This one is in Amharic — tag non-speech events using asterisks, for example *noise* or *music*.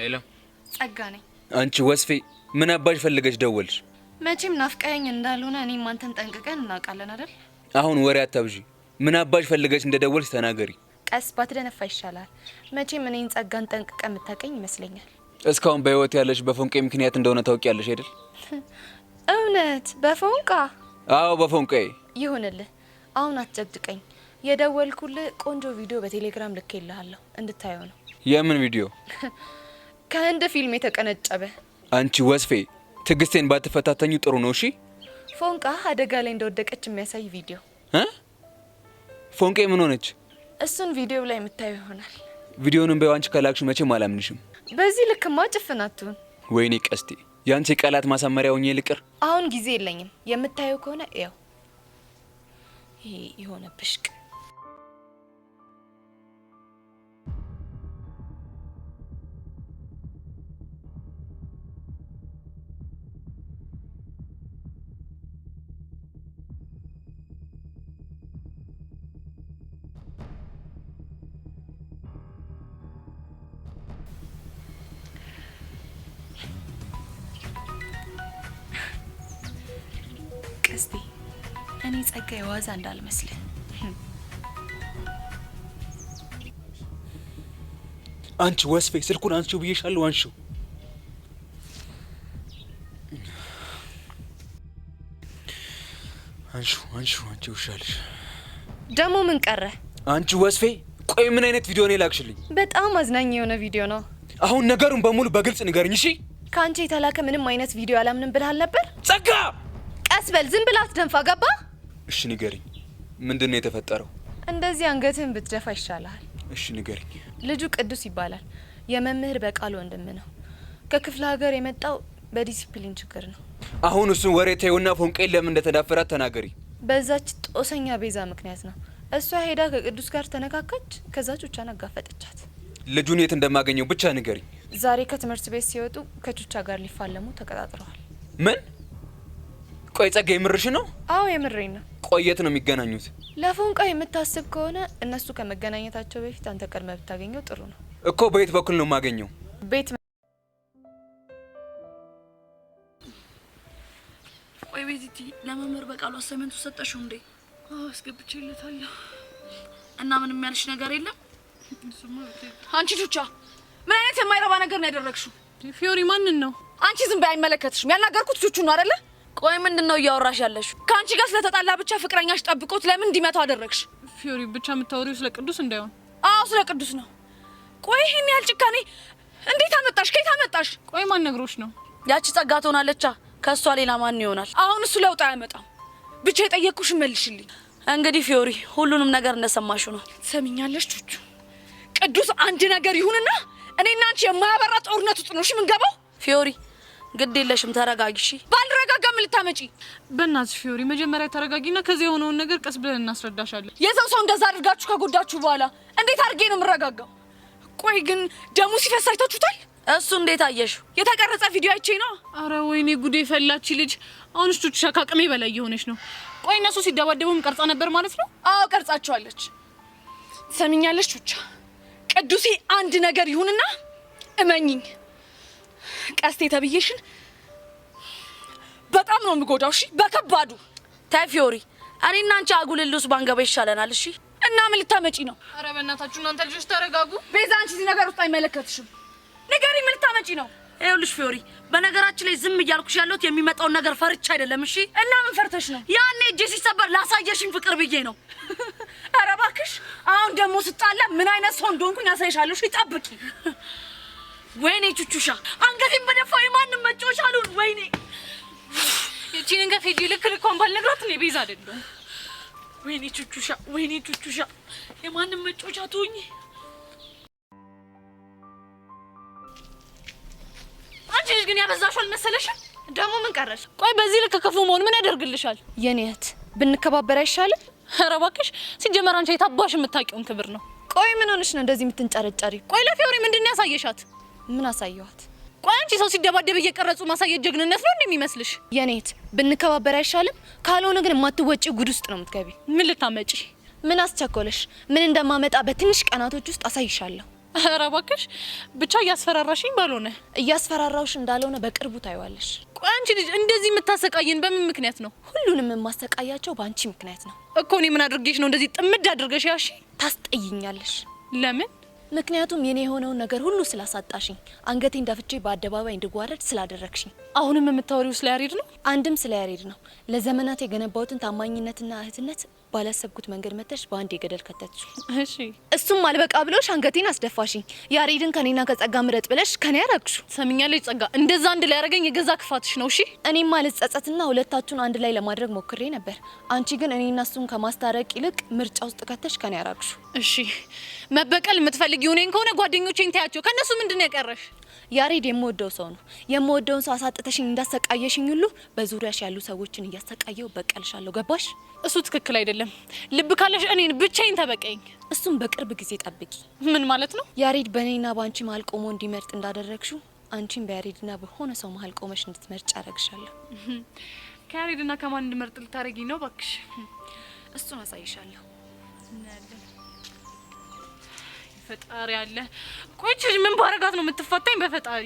ሄሎ፣ ጸጋ ነኝ። አንቺ ወስፌ፣ ምን አባሽ ፈልገሽ ደወልሽ? መቼም ናፍቀኸኝ እንዳልሆነ እኔም አንተን ጠንቅቀን እናውቃለን አይደል? አሁን ወሬ አታብዢ። ምን አባሽ ፈልገሽ እንደደወልሽ ተናገሪ። ቀስ ባትደነፋ ይሻላል። መቼም እኔን ጸጋን ጠንቅቀ የምታቀኝ ይመስለኛል። እስካሁን በህይወት ያለሽ በፎንቄ ምክንያት እንደሆነ ታውቂያለሽ አይደል? *laughs* እውነት በፎንቃ? አዎ በፎንቄ። ይሁንልህ፣ አሁን አትጨብድቀኝ። የደወልኩልህ ቆንጆ ቪዲዮ በቴሌግራም ይልሃለሁ እንድታየው ነው። የምን ቪዲዮ? *laughs* ከህንድ ፊልም የተቀነጨበ። አንቺ ወስፌ ትግስቴን ባትፈታተኙ ጥሩ ነው እሺ። ፎንቃ አደጋ ላይ እንደወደቀች የሚያሳይ ቪዲዮ። ፎንቄ ምን ሆነች? እሱን ቪዲዮ ላይ የምታየው ይሆናል። ቪዲዮንም በዋንች ከላክሽ መቼም አላምንሽም። በዚህ ልክማ ጭፍናቱን። ወይኔ ቀስቴ፣ የአንቺ የቃላት ማሳመሪያ ሆኜ ልቅር። አሁን ጊዜ የለኝም። የምታየው ከሆነ ያው ይሄ የሆነ ብሽቅ አክስቴ፣ እኔ ጸጋ የዋዛ እንዳልመስልህ። አንቺ ወስፌ፣ ስልኩን አንቺው ብዬሻለሁ፣ አንሺው። አንሺ አንሺ አንቺ ውሻልሽ። ደግሞ ምን ቀረ? አንቺ ወስፌ፣ ቆይ ምን አይነት ቪዲዮ ነው የላክሽልኝ? በጣም አዝናኝ የሆነ ቪዲዮ ነው። አሁን ነገሩን በሙሉ በግልጽ ንገርኝ እሺ። ከአንቺ የተላከ ምንም አይነት ቪዲዮ አላምንም ብለሃል ነበር ጸጋ ቀስ በል ዝም ብላት ደንፋ ገባ። እሺ ንገሪኝ፣ ምንድን ነው የተፈጠረው? እንደዚህ አንገትህን ብትደፋ ይሻላል? እሺ ንገሪኝ። ልጁ ቅዱስ ይባላል። የመምህር በቃል ወንድም ነው። ከክፍለ ሀገር የመጣው በዲሲፕሊን ችግር ነው። አሁን እሱን ወሬ ተይውና ፎንቄን ለምን እንደተዳፈራት ተናገሪ። በዛች ጦሰኛ ቤዛ ምክንያት ነው። እሷ ሄዳ ከቅዱስ ጋር ተነካካች። ከዛ ቹቻን አጋፈጠቻት። ልጁን የት እንደማገኘው ብቻ ንገሪኝ። ዛሬ ከትምህርት ቤት ሲወጡ ከቹቻ ጋር ሊፋለሙ ተቀጣጥረዋል። ምን ቆይ ጸጋ፣ የምርሽ ነው? አዎ የምሬ ነው። ቆየት ነው የሚገናኙት? ለፎንቃ የምታስብ ከሆነ እነሱ ከመገናኘታቸው በፊት አንተ ቀድመ ብታገኘው ጥሩ ነው እኮ። በየት በኩል ነው የማገኘው? ቤት ቆይ ቤቲቲ፣ ለመምህር በቃሉ አሳይመንቱ ሰጠሽው እንዴ? አስገብቼለታለሁ። እና ምንም ያልሽ ነገር የለም? አንቺ ቹቻ፣ ምን አይነት የማይረባ ነገር ነው ያደረግሽው? ፊዮሪ፣ ማንን ነው? አንቺ ዝም በይ፣ አይመለከትሽም። ያናገርኩት ቹቹ ነው አይደለ? ቆይ ምንድን ነው እያወራሽ ያለሽ? ከአንቺ ጋር ስለተጣላ ብቻ ፍቅረኛሽ ጠብቆት ለምን እንዲመታው አደረግሽ? ፊዮሪ ብቻ የምታወሪው ስለ ቅዱስ እንዳይሆን። አዎ ስለ ቅዱስ ነው። ቆይ ይህን ያህል ጭካኔ እንዴት አመጣሽ? ከየት አመጣሽ? ቆይ ማን ነግሮሽ ነው? ያቺ ጸጋ ትሆናለቻ። ከእሷ ሌላ ማን ይሆናል? አሁን እሱ ለውጥ አያመጣም። ብቻ የጠየቅኩሽ መልሽልኝ። እንግዲህ ፊዮሪ ሁሉንም ነገር እንደሰማሽው ነው። ሰሚኛለሽ ቹቹ፣ ቅዱስ አንድ ነገር ይሁንና እኔና አንቺ የማያበራ ጦርነት ውስጥ ነው እሺ ፊዮሪ ግድ የለሽም ተረጋጊ። እሺ ልታመጪ? በእናትሽ ፊዮሪ መጀመሪያ ተረጋጊና ከዚህ የሆነውን ነገር ቀስ ብለን እናስረዳሻለን። የሰው ሰው እንደዛ አድርጋችሁ ከጎዳችሁ በኋላ እንዴት አድርጌ ነው የምረጋጋው? ቆይ ግን ደሙ ሲፈስ አይታችሁታል? እሱ እንዴት አየሽ? የተቀረጸ ቪዲዮ አይቼ ነው። አረ ወይኔ ጉዴ ፈላች ልጅ። አሁን እሽቶች ከአቅሜ በላይ የሆነች ነው። ቆይ እነሱ ሲደባደቡም ቀርጻ ነበር ማለት ነው? አዎ ቀርጻቸዋለች። ሰሚኛለች ቹቻ፣ ቅዱሴ አንድ ነገር ይሁንና እመኝኝ ቀስቴ ተብዬሽን በጣም ነው የምጎዳው። እሺ በከባዱ ታይ ፊዮሪ፣ እኔና አንቺ አጉልልስ ባንገባ ይሻለናል። እሺ እና ምን ልታመጪ ነው? አረ በእናታችሁ እናንተ ልጆች ተረጋጉ። ቤዛ፣ አንቺ እዚህ ነገር ውስጥ አይመለከትሽም። ንገሪ፣ ምን ልታመጪ ነው? ይኸውልሽ ፊዮሪ፣ በነገራችን ላይ ዝም እያልኩሽ ያለሁት የሚመጣውን ነገር ፈርቻ አይደለም። እሺ እና ምን ፈርተሽ ነው? ያኔ እጄ ሲሰበር ላሳየሽኝ ፍቅር ብዬ ነው። *laughs* አረ እባክሽ፣ አሁን ደግሞ ስጣለ ምን አይነት ሰው እንደሆንኩኝ አሳይሻለሁ። ይጠብቂ። ወይኔ ቹቹሻ፣ አንገቴን በደፋ የማንም መጫወቻ አሉን። ወይኔ እቺን ከፌጂ ልክ ልኳን ባልነግራት እኔ ቤዛ አይደለሁም። ወይኔ ቹቹሻ፣ ወይኔ ቹቹሻ፣ የማንም መጮቻ ትሆኚ አንቺ ልጅ ግን ያበዛሽው አልመሰለሽም? ደግሞ ምን ቀረሽ? ቆይ በዚህ ልክ ክፉ መሆን ምን ያደርግልሻል? የኔ እህት ብንከባበር አይሻልም? ኧረ እባክሽ ሲጀመር አንቺ የታባሽ የምታውቂውን ክብር ነው። ቆይ ምን ሆነሽ ነው እንደዚህ የምትንጨረጨሪ? ቆይ ለፊዮሪ ምንድን ያሳየሻት? ምን አሳየዋት? ቆይ አንቺ ሰው ሲደባደብ እየቀረጹ ማሳየት ጀግንነት ነው እንደሚመስልሽ? የኔት ብንከባበር አይሻልም? ካልሆነ ግን የማትወጪ ጉድ ውስጥ ነው የምትገቢ። ምን ልታመጪ? ምን አስቸኮለሽ? ምን እንደማመጣ በትንሽ ቀናቶች ውስጥ አሳይሻለሁ። ኧረ እባክሽ ብቻ እያስፈራራሽኝ ባልሆነ። እያስፈራራውሽ እንዳልሆነ በቅርቡ ታይዋለሽ። ቆይ አንቺ ልጅ እንደዚህ የምታሰቃየን በምን ምክንያት ነው? ሁሉንም የማሰቃያቸው በአንቺ ምክንያት ነው እኮ። እኔ ምን አድርጌሽ ነው እንደዚህ ጥምድ አድርገሽ ያሽ ታስጠይኛለሽ? ለምን ምክንያቱም የኔ የሆነውን ነገር ሁሉ ስላሳጣሽኝ፣ አንገቴ እንዳፍቼ በአደባባይ እንድዋረድ ስላደረግሽኝ። አሁንም የምታወሪው ስለ ያሬድ ነው? አንድም ስለ ያሬድ ነው። ለዘመናት የገነባሁትን ታማኝነትና እህትነት ባላሰብኩት መንገድ መተሽ በአንድ የገደል ከተች። እሺ እሱም አልበቃ ብሎሽ አንገቴን አስደፋሽኝ። ያሬድን ከኔና ከጸጋ ምረጥ ብለሽ ከኔ ያረግሹ። ሰምኛለች ጸጋ፣ እንደዛ አንድ ላይ ያረገኝ የገዛ ክፋትሽ ነው። እሺ እኔም ማለት ጸጸትና ሁለታችሁን አንድ ላይ ለማድረግ ሞክሬ ነበር። አንቺ ግን እኔና እሱን ከማስታረቅ ይልቅ ምርጫ ውስጥ ከተሽ ከኔ ያረግሹ። እሺ መበቀል የምትፈልጊው እኔን ከሆነ ጓደኞቼን ታያቸው፣ ከእነሱ ምንድን ነው ያቀረሽ? ያሬድ የምወደው ሰው ነው። የምወደውን ሰው አሳጥተሽኝ እንዳሰቃየሽኝ ሁሉ በዙሪያሽ ያሉ ሰዎችን እያሰቃየው በቀልሻለሁ። ገባሽ? እሱ ትክክል አይደለም። ልብ ካለሽ እኔን ብቻዬን ተበቀኝ። እሱም በቅርብ ጊዜ ጠብቂ። ምን ማለት ነው? ያሬድ በእኔና በአንቺ መሀል ቆሞ እንዲመርጥ እንዳደረግሽው አንቺን በያሬድና በሆነ ሰው መሀል ቆመሽ እንድትመርጭ አደረግሻለሁ። *laughs* ከያሬድና ከማን እንድመርጥ ልታደረጊኝ ነው? ባክሽ እሱን አሳይሻለሁ። ፈጣሪ አለ። ቆይቼ ምን ባረጋት ነው የምትፈታኝ? በፈጣሪ